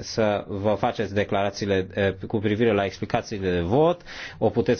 să vă faceți declarațiile eh, cu privire la explicațiile de vot, o puteți